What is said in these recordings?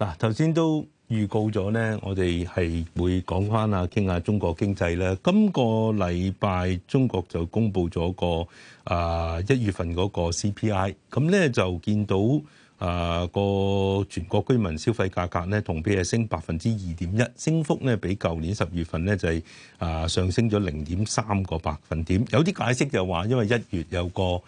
嗱，頭先都預告咗呢，我哋係會講翻啊，傾下中國經濟啦。今個禮拜中國就公布咗個啊一月份嗰個 CPI，咁呢就見到啊個全國居民消費價格呢同比係升百分之二點一，升幅呢比舊年十月份呢就係啊上升咗零點三個百分點。有啲解釋就話，因為一月有個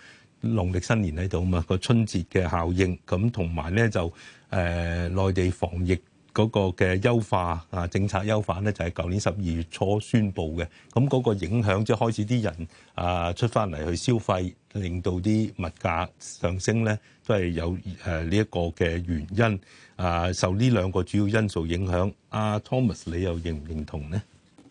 農曆新年喺度嘛，個春節嘅效應，咁同埋咧就誒內地防疫嗰個嘅優化啊政策優化咧，就係舊年十二月初宣布嘅。咁嗰個影響即係開始啲人啊出返嚟去消費，令到啲物價上升咧，都係有誒呢一個嘅原因。啊，受呢兩個主要因素影響，阿 Thomas，你又認唔認同咧？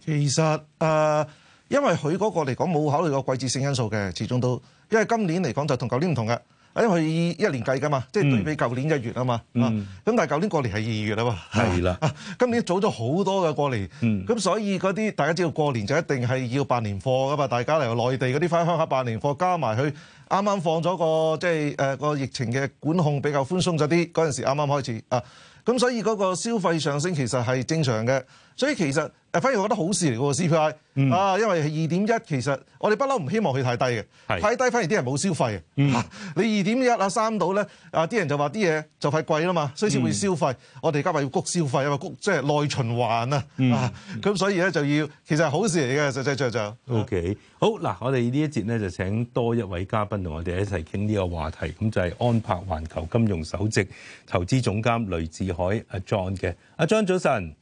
其實誒，因為佢嗰個嚟講冇考慮個季節性因素嘅，始終都。因為今年嚟講就同舊年唔同嘅，因為佢一年計㗎嘛，嗯、即係對比舊年一月啊嘛，咁、嗯、但係舊年過年係二月啊喎，係、嗯、啦，今年早咗好多嘅過年，咁、嗯、所以嗰啲大家知道，過年就一定係要辦年貨㗎嘛，大家嚟內地嗰啲翻鄉下辦年貨，加埋佢啱啱放咗個即係誒個疫情嘅管控比較寬鬆咗啲，嗰陣時啱啱開始啊，咁所以嗰個消費上升其實係正常嘅。所以其實誒，反而我覺得好事嚟嘅喎 CPI、嗯、啊，因為係二點一，其實我哋不嬲唔希望佢太低嘅，的太低反而啲人冇消費的、嗯啊。你二點一啊三度咧啊，啲人就話啲嘢就快貴啦嘛，所以先會消費。嗯、我哋而家話要谷消費啊嘛，谷即係內循環、嗯、啊咁所以咧就要其實係好事嚟嘅實際上就 OK 好嗱。我哋呢一節咧就請多一位嘉賓同我哋一齊傾呢個話題，咁就係安柏環球金融首席投資總監雷志海阿 John 嘅阿 John 早晨。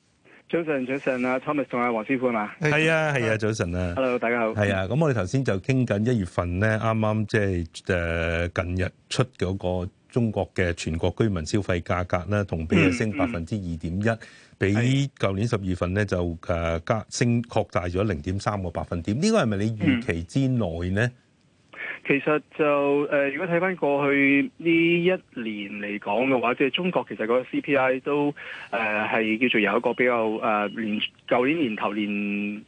早晨，早晨啊 Tommy 同阿黃師傅啊嘛，係啊，係啊，早晨啊，Hello，大家好，係啊，咁我哋頭先就傾緊一月份咧，啱啱即係誒近日出嗰個中國嘅全國居民消費價格咧，同比升百分之二點一，比舊年十二月份咧就誒加升擴大咗零點三個百分點，呢、這個係咪你預期之內咧？嗯嗯其實就誒、呃，如果睇翻過去呢一年嚟講嘅話，即、就、係、是、中國其實個 CPI 都誒係、呃、叫做有一個比較誒年，舊、呃、年年頭年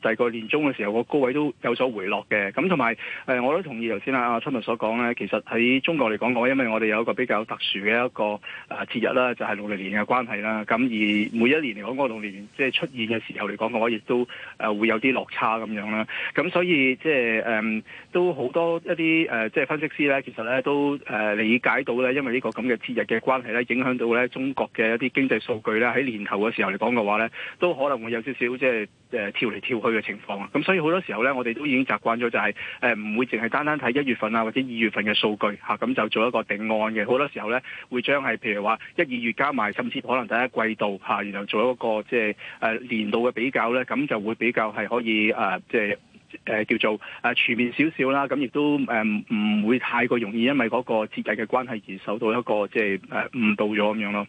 第二、就是、年中嘅時候個高位都有所回落嘅。咁同埋誒，我都同意頭先啦，阿春文所講咧，其實喺中國嚟講嘅話，因為我哋有一個比較特殊嘅一個誒節日啦，就係農曆年嘅關係啦。咁而每一年嚟講，那個農年即係、就是、出現嘅時候嚟講嘅話，亦都誒、呃、會有啲落差咁樣啦。咁所以即係誒都好多一啲。誒即係分析師咧，其實咧都誒、呃、理解到咧，因為呢個咁嘅節日嘅關係咧，影響到咧中國嘅一啲經濟數據咧，喺年頭嘅時候嚟講嘅話咧，都可能會有少少即係誒跳嚟跳去嘅情況啊。咁所以好多時候咧，我哋都已經習慣咗就係誒唔會淨係單單睇一月份啊或者二月份嘅數據嚇，咁、啊、就做一個定案嘅。好多時候咧會將係譬如話一二月加埋，甚至可能第一季度嚇、啊，然後做一個即係誒年度嘅比較咧，咁就會比較係可以誒即係。呃即係誒、呃、叫做誒全面少少啦，咁亦都誒唔會太過容易，因為嗰個設計嘅關係而受到一個即係誒誤導咗咁樣咯。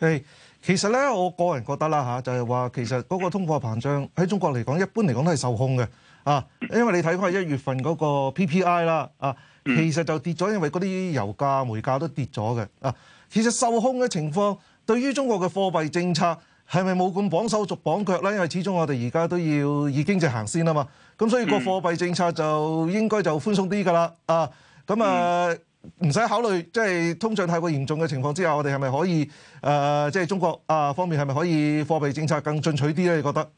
係，其實咧，我個人覺得啦吓、啊、就係話，其實嗰個通貨膨脹喺中國嚟講，一般嚟講都係受控嘅啊。因為你睇翻一月份嗰個 PPI 啦啊，啊，其實就跌咗，因為嗰啲油價煤價都跌咗嘅啊。其實受控嘅情況對於中國嘅貨幣政策。係咪冇咁綁手續綁腳咧？因為始終我哋而家都要以經濟行先啊嘛。咁所以個貨幣政策就應該就寬鬆啲㗎啦。啊，咁啊唔使考慮即係、就是、通脹太過嚴重嘅情況之下，我哋係咪可以誒即係中國啊方面係咪可以貨幣政策更進取啲咧？你覺得？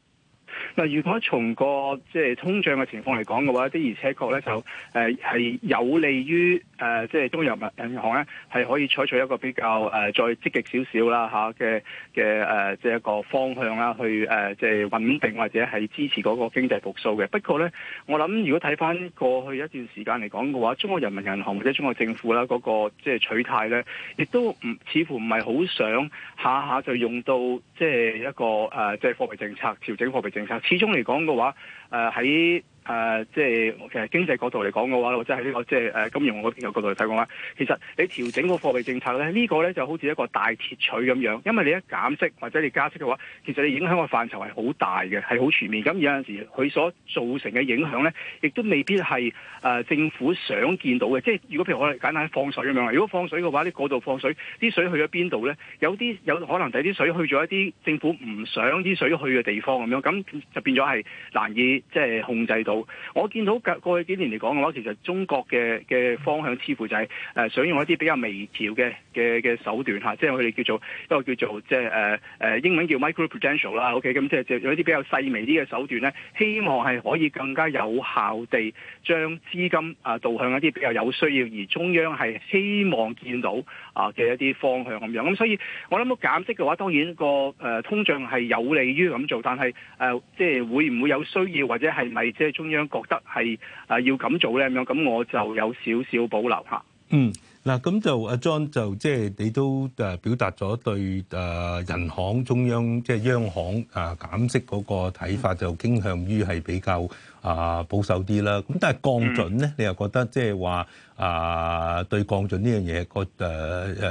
嗱，如果從個即係通脹嘅情況嚟講嘅話，的而且確咧就誒係有利於誒即係中國人民銀行咧，係可以採取一個比較誒再積極少少啦嚇嘅嘅誒即係一個方向啦，去誒即係穩定或者係支持嗰個經濟復甦嘅。不過咧，我諗如果睇翻過去一段時間嚟講嘅話，中國人民銀行或者中國政府啦嗰個即係取態咧，亦都唔似乎唔係好想下下就用到即係一個誒即係貨幣政策調整貨幣政策。始終嚟講嘅話，誒、呃、喺。在誒、呃，即係其實經濟角度嚟講嘅話，或者喺呢、這個即係誒金融嗰邊嘅角度嚟睇嘅話，其實你調整個貨幣政策咧，呢、這個咧就好似一個大鐵鎚咁樣。因為你一減息或者你加息嘅話，其實你影響嘅範疇係好大嘅，係好全面。咁有陣時佢所造成嘅影響咧，亦都未必係誒、呃、政府想見到嘅。即係如果譬如我哋簡單放水咁樣，如果放水嘅話，你、那個、度放水，啲水去咗邊度咧？有啲有可能第啲水去咗一啲政府唔想啲水去嘅地方咁樣，咁就變咗係難以即係控制到。我見到嘅過去幾年嚟講嘅話，其實中國嘅嘅方向似乎就係誒想用一啲比較微調嘅嘅嘅手段嚇、啊，即係佢哋叫做一個叫做即係誒誒英文叫 microprudential 啦、啊。OK，咁即係有一啲比較細微啲嘅手段咧，希望係可以更加有效地將資金啊導向一啲比較有需要而中央係希望見到啊嘅一啲方向咁樣。咁、啊、所以，我諗到減息嘅話，當然、個誒、啊、通脹係有利於咁做，但係誒即係會唔會有需要或者係咪即係中中央覺得係啊，要咁做咧咁樣，咁我就有少少保留下嗯，嗱，咁就阿 John 就即係你都誒表達咗對誒人行中央即係、就是、央行誒減息嗰個睇法，就傾向於係比較啊保守啲啦。咁但係降準咧、嗯，你又覺得即係話啊對降準呢樣嘢個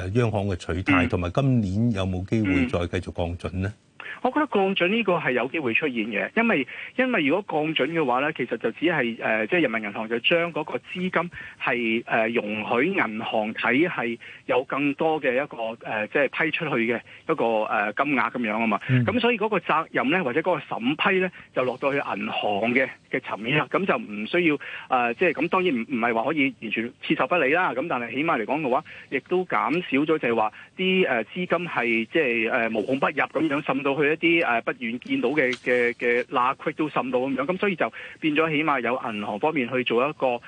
誒誒央行嘅取態，同、嗯、埋今年有冇機會再繼續降準咧？我覺得降準呢個係有機會出現嘅，因為因為如果降準嘅話咧，其實就只係即係人民銀行就將嗰個資金係誒、呃、容許銀行體系有更多嘅一個即係、呃、批出去嘅一個誒、呃、金額咁樣啊嘛。咁、嗯、所以嗰個責任咧，或者嗰個審批咧，就落到去銀行嘅嘅層面啦。咁就唔需要誒，即係咁當然唔唔係話可以完全視手不理啦。咁但係起碼嚟講嘅話，亦都減少咗就係話啲誒資金係即係誒無孔不入咁樣滲到。去一啲誒不願見到嘅嘅嘅垃圾都滲到咁樣，咁所以就變咗，起碼有銀行方面去做一個誒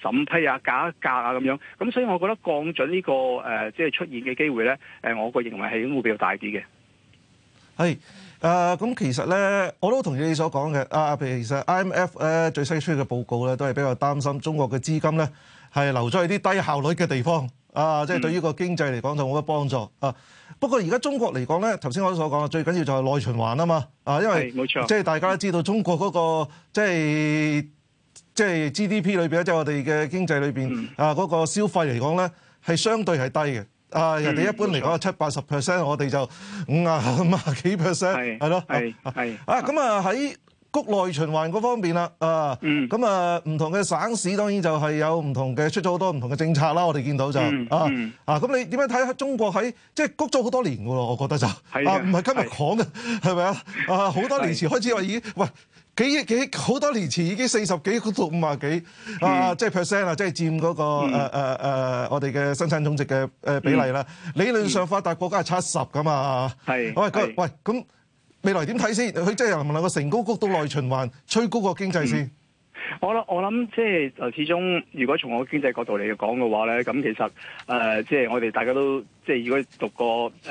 審批啊、價格啊咁樣，咁所以我覺得降準呢個誒，即係出現嘅機會咧，誒，我個認為係會比較大啲嘅。係誒，咁、呃、其實咧，我都同意你所講嘅啊。比如其實 IMF 咧最新出嘅報告咧，都係比較擔心中國嘅資金咧，係留咗去啲低效率嘅地方。啊，即係對依個經濟嚟講、嗯、就冇乜幫助啊。不過而家中國嚟講咧，頭先我所講啦，最緊要就係內循環啊嘛。啊，因為即係大家都知道中國嗰個即係即係 GDP 裏邊咧，即係我哋嘅經濟裏邊、嗯、啊嗰個消費嚟講咧係相對係低嘅。啊，人哋一般嚟講七八十 percent，我哋就五啊五啊幾 percent 係咯。係係啊咁啊喺。啊嗯谷內循環嗰方面啦，啊，咁、嗯嗯、啊唔同嘅省市當然就係有唔同嘅出咗好多唔同嘅政策啦，我哋見到就啊、嗯、啊，咁、嗯啊嗯、你點樣睇下中國喺即係谷咗好多年噶喎？我覺得就啊，唔係今日講嘅，係咪啊？啊，好、啊、多年前開始話已經喂幾億幾好多年前已經四十幾到五啊幾啊，即係 percent 啊，即係佔嗰個誒誒、嗯呃呃呃呃 Wed- 嗯嗯、我哋嘅生產總值嘅、呃嗯 uh, 比例啦。理論上發達國家係七十噶嘛，係喂喂咁。未來點睇先？佢即係能唔能夠成高谷都內循環，催高個經濟先、嗯？我諗我諗即係，始終如果從我經濟角度嚟講嘅話咧，咁其實誒、呃，即係我哋大家都。即係如果讀個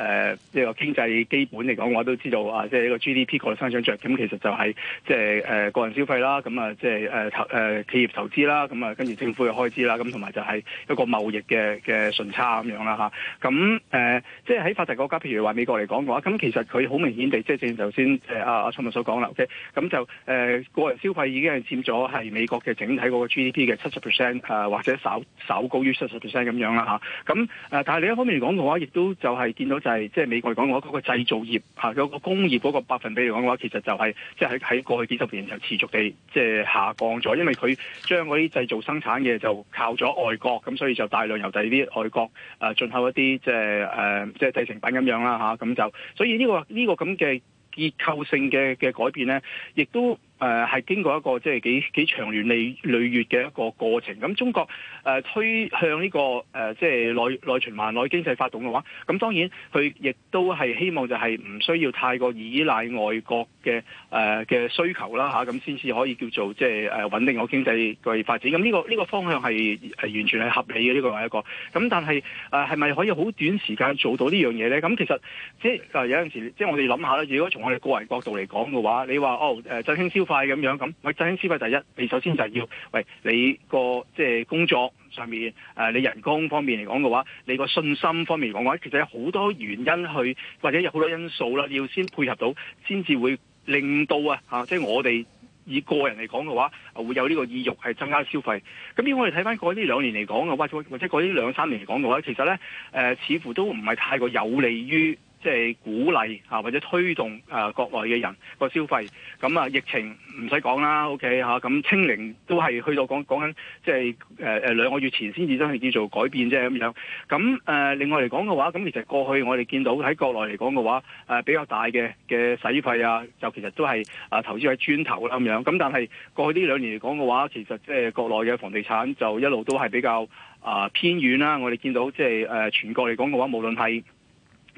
誒即係個經濟基本嚟講，我都知道啊！即係呢個 GDP 個增長着，咁，其實就係即係誒個人消費啦，咁啊即係誒投誒企業投資啦，咁啊跟住政府嘅開支啦，咁同埋就係一個貿易嘅嘅順差咁樣啦吓，咁誒、啊呃、即係喺發達國家，譬如話美國嚟講嘅話，咁其實佢好明顯地即係正如頭先誒阿阿聰文所講啦。O.K. 咁就誒、呃、個人消費已經係佔咗係美國嘅整體嗰個 GDP 嘅七十 percent 誒，或者稍稍高於七十 percent 咁樣啦吓，咁、啊、誒，但係另、呃、一方面嚟講，嘅話，亦都就係見到就係，即係美國嚟講，我嗰個製造業嚇有個工業嗰個百分比嚟講嘅話，其實就係即係喺過去幾十年就持續地即係下降咗，因為佢將嗰啲製造生產嘅就靠咗外國，咁所以就大量由第啲外國啊進口一啲即係誒即係製成品咁樣啦嚇，咁、啊、就所以呢個呢個咁嘅結構性嘅嘅改變咧，亦都。誒、呃、係經過一個即係幾幾長年累月嘅一個過程。咁中國誒、呃、推向呢、這個誒、呃、即係內內循環內經濟發動嘅話，咁當然佢亦都係希望就係唔需要太過依賴外國嘅誒嘅需求啦嚇，咁先至可以叫做即係誒穩定我經濟嘅發展。咁呢、這個呢、這個方向係係完全係合理嘅呢、這個係一個。咁但係誒係咪可以好短時間做到這呢樣嘢咧？咁其實即係有陣時即係我哋諗下啦。如果從我哋個人角度嚟講嘅話，你話哦誒振興消快咁樣咁，喂！振興消費第一，你首先就係要，喂！你個即係工作上面誒，你人工方面嚟講嘅話，你個信心方面嚟講嘅話，其實有好多原因去，或者有好多因素啦，要先配合到，先至會令到啊嚇！即係、就是、我哋以個人嚟講嘅話，會有呢個意欲係增加消費。咁如果我哋睇翻過呢兩年嚟講嘅，或者或者嗰啲兩三年嚟講嘅話，其實咧誒、呃，似乎都唔係太過有利於。即係鼓勵或者推動啊國內嘅人個消費，咁啊疫情唔使講啦，OK 嚇咁清零都係去到講講緊即係誒誒兩個月前先至真係叫做改變啫咁樣。咁誒另外嚟講嘅話，咁其實過去我哋見到喺國內嚟講嘅話，誒比較大嘅嘅使費啊，就其實都係啊投資喺磚頭啦咁樣。咁但係過去呢兩年嚟講嘅話，其實即係國內嘅房地產就一路都係比較啊偏遠啦。我哋見到即係誒全國嚟講嘅話，無論係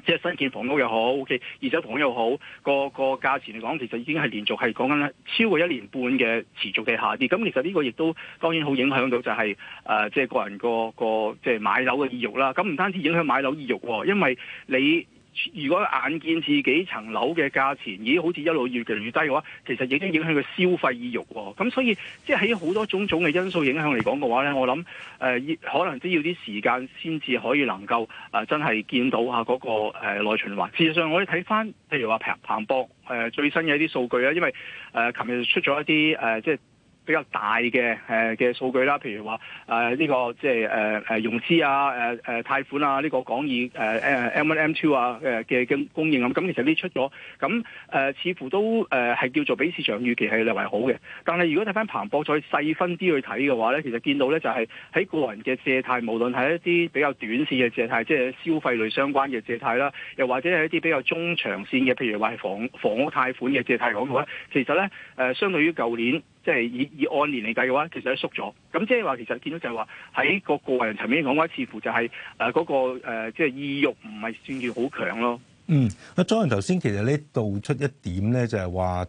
即係新建房屋又好，O.K. 二手房又好，個個價錢嚟講，其實已經係連續係講緊超過一年半嘅持續嘅下跌。咁其實呢個亦都當然好影響到就係、是、誒，即、呃、係、就是、個人個個，即、就、係、是、買樓嘅意欲啦。咁唔單止影響買樓意欲、喔，因為你。如果眼見自己層樓嘅價錢已經好似一路越嚟越低嘅話，其實已經影響佢消費意欲喎。咁所以即係喺好多種種嘅因素影響嚟講嘅話咧，我諗誒、呃、可能都要啲時間先至可以能夠啊、呃、真係見到啊嗰、嗰個誒、呃、內循環。事實上我哋睇返譬如話彭彭博誒、呃、最新嘅一啲數據啊，因為誒琴日出咗一啲誒、呃、即係。比較大嘅誒嘅數據啦，譬如話誒呢個即係誒融資啊、誒、呃、誒貸款啊，呢、這個講以誒、呃、M1、M2 啊嘅嘅、呃、供應咁、啊，咁其實呢出咗，咁誒、呃、似乎都誒係、呃、叫做比市場預期係略為好嘅。但係如果睇翻彭博再細分啲去睇嘅話咧，其實見到咧就係喺個人嘅借貸，無論係一啲比較短線嘅借貸，即係消費類相關嘅借貸啦，又或者係一啲比較中長線嘅，譬如話係房房屋貸款嘅借貸講嘅話咧，其實咧、呃、相對於舊年。即、就、係、是、以以按年嚟計嘅話，其實都縮咗。咁即係話，其實見到就係話喺個個人層面講話，似乎就係誒嗰個即、就是、意欲唔係算至好強咯。嗯，阿莊頭先其實咧道出一點咧，就係話誒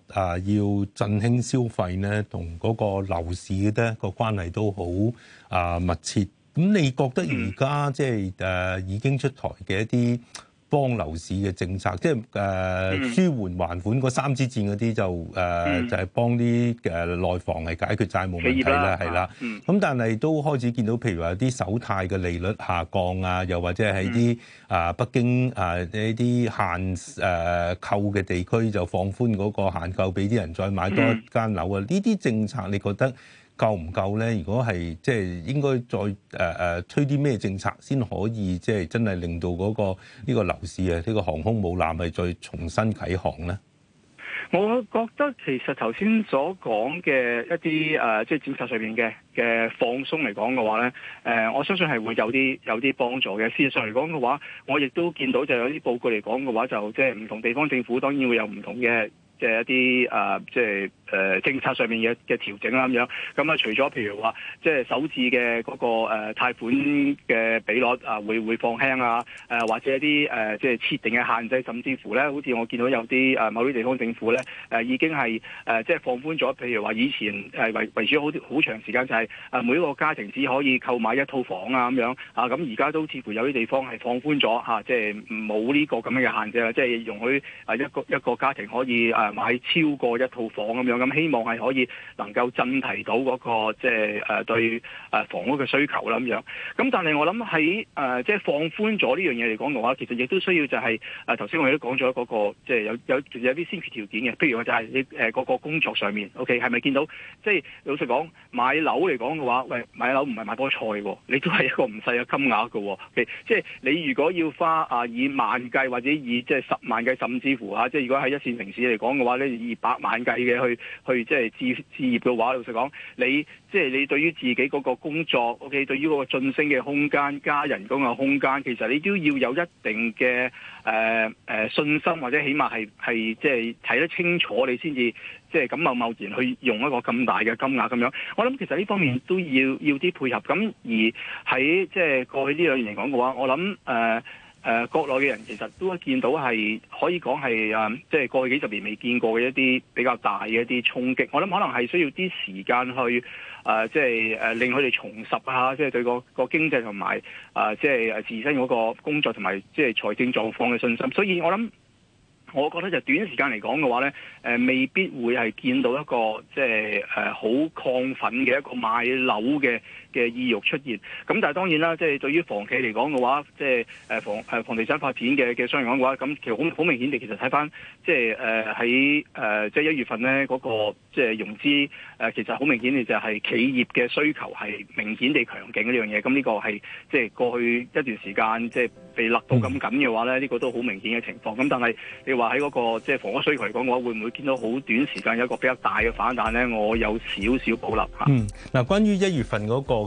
要振興消費咧，同嗰個樓市咧個關係都好啊密切。咁你覺得而家即係誒已經出台嘅一啲幫樓市嘅政策，即係誒、呃嗯、舒緩還款嗰三支箭嗰啲就誒、呃嗯、就係、是、幫啲誒內房係解決債務問題啦，係啦、啊。咁、嗯、但係都開始見到，譬如話啲首貸嘅利率下降啊，又或者係啲、嗯、啊北京啊呢啲限誒購嘅地區就放寬嗰個限購，俾啲人再買多一間樓啊。呢、嗯、啲政策，你覺得？夠唔夠咧？如果係即係應該再誒、誒、推啲咩政策先可以即、係、真係令到嗰、個呢、個樓市啊呢、個航空母艦係再重新啟航咧？我覺得其實頭先所講嘅一啲誒即係政策上面嘅嘅放鬆嚟講嘅話咧、誒，我相信係會有啲有啲幫助嘅。事實上嚟講嘅話，我亦都見到就有啲報告嚟講嘅話，就即係唔同地方政府當然會有唔同嘅。即、就、嘅、是、一啲誒，即係誒政策上面嘅嘅調整啦咁樣。咁、就是那個、啊，除咗譬如話，即係首次嘅嗰個誒貸款嘅比率啊，會會放輕啊。誒或者一啲誒，即、啊、係、就是、設定嘅限制，甚至乎咧，好似我見到有啲誒某啲地方政府咧，誒、啊、已經係誒即係放寬咗。譬如話，以前誒維維持好好長時間就係誒每一個家庭只可以購買一套房啊咁樣啊。咁而家都似乎有啲地方係放寬咗嚇，即係冇呢個咁樣嘅限制啦，即、就、係、是、容許啊一個一個家庭可以誒。買超過一套房咁樣，咁希望係可以能夠震提到嗰個即係誒對誒房屋嘅需求啦咁樣。咁但係我諗喺誒即係放寬咗呢樣嘢嚟講嘅話，其實亦都需要就係誒頭先我哋都講咗嗰個即係有有有啲先決條件嘅。譬如話就係你誒嗰個工作上面，OK 係咪見到？即係老實講買樓嚟講嘅話，喂買樓唔係買菠菜，你都係一個唔細嘅金額喎。OK 即係你如果要花啊以萬計或者以即係十萬計，甚至乎吓即係如果喺一線城市嚟講。嘅話咧，二百萬計嘅去去即係置置業嘅話，老實講，你即係、就是、你對於自己嗰個工作，OK，對於嗰個晉升嘅空間加人工嘅空間，其實你都要有一定嘅誒誒信心，或者起碼係係即係睇得清楚，你先至即係咁貿貿然去用一個咁大嘅金額咁樣。我諗其實呢方面都要要啲配合。咁而喺即係過去呢兩年嚟講嘅話，我諗誒。呃誒、呃、國內嘅人其實都見到係可以講係啊，即、就、係、是、過去幾十年未見過嘅一啲比較大嘅一啲衝擊。我諗可能係需要啲時間去誒，即係誒令佢哋重拾下，即、就、係、是、對個個經濟同埋啊，即係誒自身嗰個工作同埋即係財政狀況嘅信心。所以我諗，我覺得就短時間嚟講嘅話咧，誒、呃、未必會係見到一個即係誒好亢奮嘅一個買樓嘅嘅意欲出現，咁但係當然啦，即係對於房企嚟講嘅話，即係房房地產發展嘅嘅商業講嘅話，咁其實好好明顯地，其實睇翻即係誒喺即係一月份咧、那、嗰個即係融資誒，其實好明顯地就係企業嘅需求係明顯地強勁呢樣嘢。咁呢個係即係過去一段時間即係被勒到咁緊嘅話咧，呢個都好明顯嘅情況。咁但係你話喺嗰個即係房屋需求嚟講嘅話，會唔會見到好短時間有一個比較大嘅反彈咧？我有少少保留嚇，嗯，嗱，關於一月份嗰個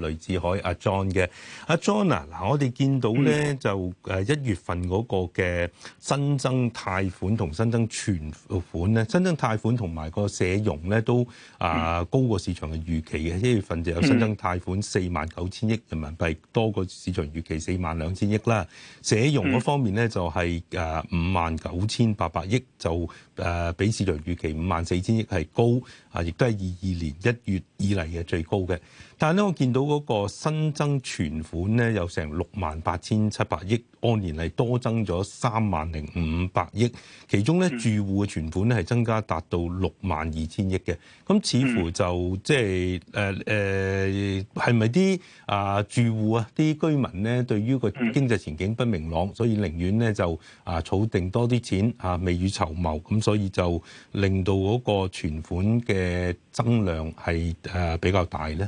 雷志海，阿 John 嘅阿 John 啊。嗱我哋見到咧就誒一月份嗰個嘅新增貸款同新增存款咧，新增貸款同埋個社融咧都啊高過市場嘅預期嘅。一月份就有新增貸款四萬九千億人民幣，多過市場預期四萬兩千億啦。社融嗰方面咧就係誒五萬九千八百億，就誒比市場預期五萬四千億係高啊，亦都係二二年一月以嚟嘅最高嘅。但係咧，我見到嗰個新增存款咧，有成六萬八千七百億，按年嚟多增咗三萬零五百億。其中咧，住戶嘅存款咧係增加達到六萬二千億嘅。咁似乎就即係誒誒，係咪啲啊住戶啊啲居民咧對於個經濟前景不明朗，所以寧願咧就啊儲定多啲錢啊未雨綢繆，咁所以就令到嗰個存款嘅增量係誒、啊、比較大咧。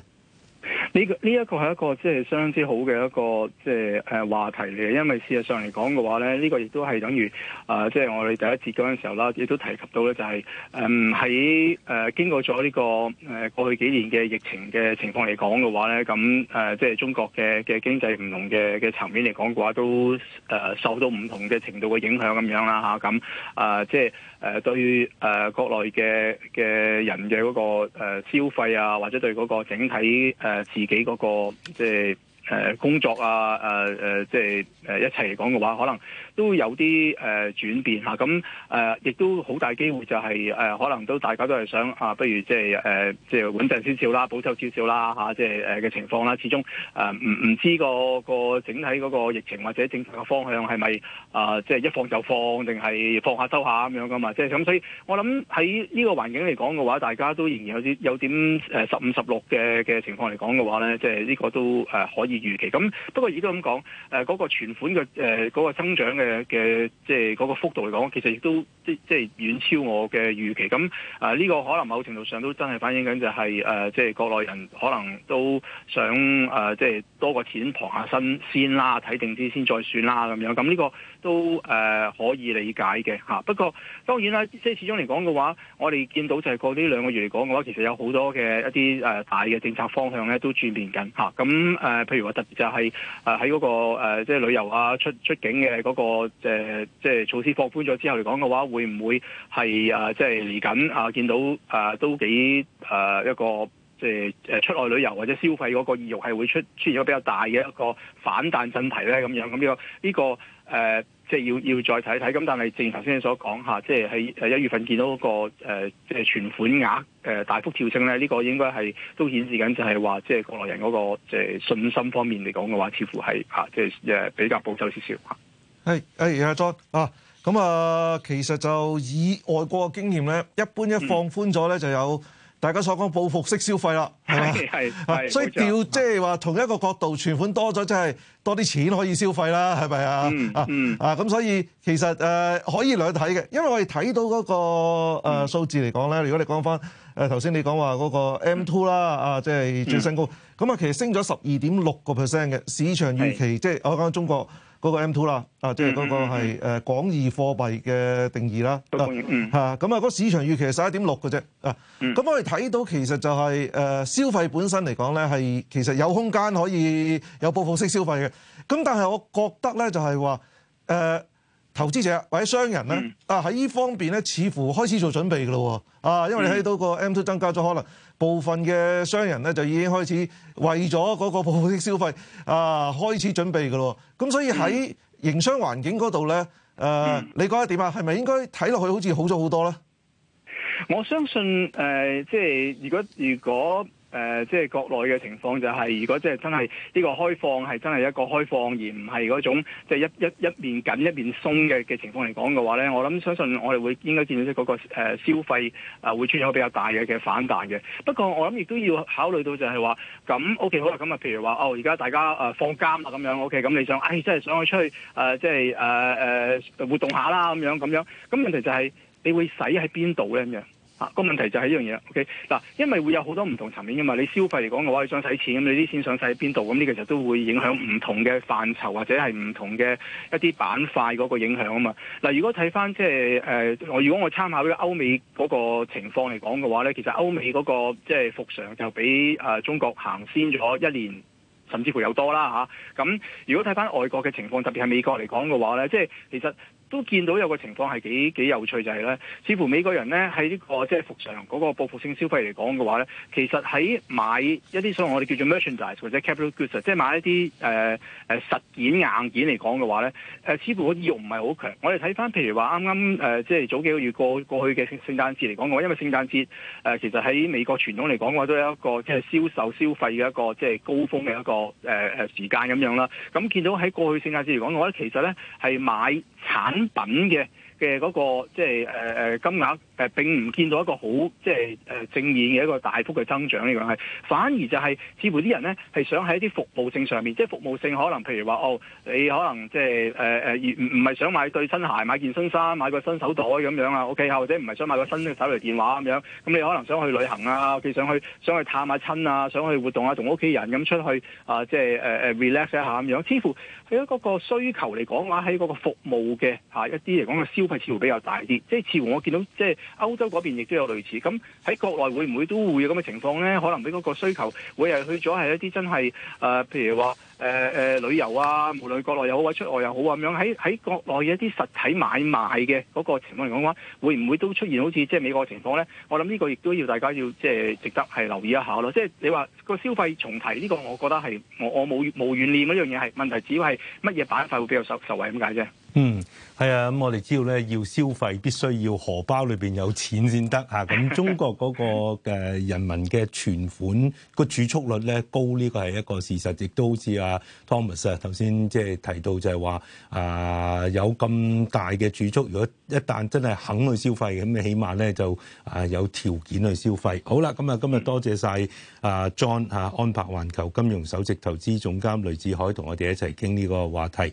呢、這個呢、這個、一個係一個即係相當之好嘅一個即係誒話題嚟嘅，因為事實上嚟講嘅話咧，呢、這個亦都係等於啊，即、呃、係、就是、我哋第一節嗰陣時候啦，亦都提及到咧、就是，就係誒喺誒經過咗呢、這個誒、呃、過去幾年嘅疫情嘅情況嚟講嘅話咧，咁誒即係中國嘅嘅經濟唔同嘅嘅層面嚟講嘅話，都誒、呃、受到唔同嘅程度嘅影響咁樣啦嚇，咁啊即係誒對於誒國內嘅嘅人嘅嗰個消費啊，或者對嗰個整體誒。呃自己嗰個即係。即係誒工作啊誒誒即係誒一齊嚟講嘅話，可能都有啲誒轉變嚇咁誒，亦、啊呃、都好大機會就係、是、誒、呃，可能都大家都係想啊不如即係誒，即係穩陣少少啦，保守少少啦嚇，即係誒嘅情況啦。始終誒唔唔知個個整體嗰個疫情或者政策嘅方向係咪啊，即、呃、係、就是、一放就放定係放下收下咁樣噶嘛？即係咁，所以我諗喺呢個環境嚟講嘅話，大家都仍然有啲有點誒十五十六嘅嘅情況嚟講嘅話咧，即係呢個都誒、呃、可以。預期咁，不過而家咁講，誒、那、嗰個存款嘅誒嗰個增長嘅嘅，即係嗰個幅度嚟講，其實亦都即即係遠超我嘅預期。咁啊呢、呢個可能某程度上都真係反映緊就係、係、誒，即、啊、係、就係、國內人可能都想誒，即、啊、係、就係、多個錢傍下身先啦，睇定啲先再算啦咁樣。咁呢個都誒、啊、可以理解嘅嚇。不過當然啦，即係始終嚟講嘅話，我哋見到就係過呢兩個月嚟講嘅話，其實有好多嘅一啲誒大嘅政策方向咧都轉變緊嚇。咁誒、啊、譬如。特別就係誒喺嗰個即係旅遊啊出出境嘅嗰個即係措施放寬咗之後嚟講嘅話，會唔會係即係嚟緊啊見到都幾一個即係出外旅遊或者消費嗰個意欲係會出出現咗比較大嘅一個反彈問題咧？咁樣，咁、呢個、呢個呢、呢個誒即係要要再睇睇，咁但係正如頭先你所講嚇，即係喺一月份見到、嗰個誒即係存款額誒大幅跳升咧，呢、呢個應該係都顯示緊就係話，即係國內人嗰個即係信心方面嚟講嘅話，似乎係嚇、啊、即係誒比較保守少少嚇。係係阿再啊，咁啊，其實就以外國嘅經驗咧，一般一放寬咗咧、嗯，就有。大家所講報復式消費啦，係咪？係，所以調即係話同一個角度，存款多咗即係多啲錢可以消費啦，係咪啊？啊，咁所以其實誒、呃、可以兩睇嘅，因為我哋睇到嗰、那個數、呃、數字嚟講咧，如果你講翻誒頭先你講話嗰、那個 M2 啦、嗯，啊，即、就、係、是、最新高咁啊，嗯、其實升咗十二點六個 percent 嘅市場預期，即係、就是、我講中國。嗰、那個 M2 啦，啊，即係嗰個係誒廣義貨幣嘅定義啦，咁、嗯、啊，嗯個市場預期係十一點六嘅啫，啊、嗯，咁我哋睇到其實就係消費本身嚟講咧，係其實有空間可以有報復式消費嘅，咁但係我覺得咧就係話誒投資者或者商人咧，啊喺呢方面咧似乎開始做準備㗎咯，啊，因為你睇到個 M2 增加咗可能。部分嘅商人咧就已經開始為咗嗰個報復式消費啊開始準備嘅咯，咁所以喺營商環境嗰度咧，誒、嗯呃，你覺得點啊？係咪應該睇落去好似好咗好多咧？我相信誒、呃，即係如果如果，如果誒、呃，即係國內嘅情況就係、是，如果即係真係呢個開放係真係一個開放，而唔係嗰種即係一一一面緊一面鬆嘅嘅情況嚟講嘅話咧，我諗相信我哋會應該見到即係嗰個、呃、消費啊會出現比較大嘅嘅反彈嘅。不過我諗亦都要考慮到就係話，咁 OK 好啦，咁啊譬如話哦，而家大家誒、呃、放監啦咁樣，OK，咁你想誒、哎、真係想去出去誒即係誒誒活動下啦咁樣咁樣，咁問題就係、是、你會使喺邊度咧咁樣？啊那個問題就係呢樣嘢啦，OK 嗱，因為會有好多唔同層面㗎嘛，你消費嚟講嘅話，你想使錢，咁你啲錢想使喺邊度，咁呢個其實都會影響唔同嘅範疇，或者係唔同嘅一啲板塊嗰個影響啊嘛。嗱、啊，如果睇翻即係誒，我、即係呃、如果我參考啲歐美嗰個情況嚟講嘅話咧，其實歐美嗰、那個即係復常就比誒、呃、中國行先咗一年，甚至乎有多啦吓，咁、啊啊、如果睇翻外國嘅情況，特別係美國嚟講嘅話咧，即、就、係、是、其實。都見到有個情況係幾幾有趣，就係呢，似乎美國人呢喺呢、這個即係、就是、服務上嗰個報復性消費嚟講嘅話呢，其實喺買一啲所謂我哋叫做 merchandise 或者 capital goods，即係買一啲誒誒實件硬件嚟講嘅話呢，似乎個意欲唔係好強。我哋睇翻譬如話啱啱誒即係早幾個月過過去嘅聖誕節嚟講嘅話，因為聖誕節誒、呃、其實喺美國傳統嚟講嘅話都有一個即係銷售消費嘅一個即係、就是、高峰嘅一個誒誒時間咁樣啦。咁見到喺過去聖誕節嚟講，我覺得其實呢係買。產品嘅嘅嗰個即係誒誒金額。誒並唔見到一個好即係誒正面嘅一個大幅嘅增長呢樣係，反而就係、是、似乎啲人呢係想喺啲服務性上面，即係服務性可能譬如話哦，你可能即係誒唔係係想買對新鞋、買件新衫、買個新手袋咁樣啊，OK，或者唔係想買個新嘅手提電話咁樣，咁你可能想去旅行啊，佢想去想去探下親啊，想去活動啊，同屋企人咁出去啊、呃，即係、呃、relax 一下咁樣，似乎喺嗰個需求嚟講話喺嗰個服務嘅一啲嚟講嘅消費似乎比較大啲，即係似乎我見到即歐洲嗰邊亦都有類似，咁喺國內會唔會都會有咁嘅情況呢？可能俾嗰個需求會又去咗係一啲真係誒、呃，譬如話誒誒旅遊啊，無論國內又好啊，出外又好啊，咁樣喺喺國內嘅一啲實體買賣嘅嗰個情況嚟講嘅話，會唔會都出現好似即係美國嘅情況呢？我諗呢個亦都要大家要即係值得係留意一下咯。即係你話個消費重提呢個，我覺得係我我冇冇懸念嗰樣嘢係問題，只要係乜嘢板塊會比較受受惠咁解啫。嗯，係啊，咁我哋知道咧，要消費必須要荷包裏面有錢先得嚇。咁中國嗰個人民嘅存款個儲蓄率咧，高，呢個係一個事實。亦都好似阿 Thomas 啊頭先即係提到就係話啊，有咁大嘅儲蓄，如果一旦真係肯去消費，咁你起碼咧就啊有條件去消費。好啦，咁啊今日多謝晒阿 John 啊，安柏環球金融首席投資總監雷志海同我哋一齊傾呢個話題。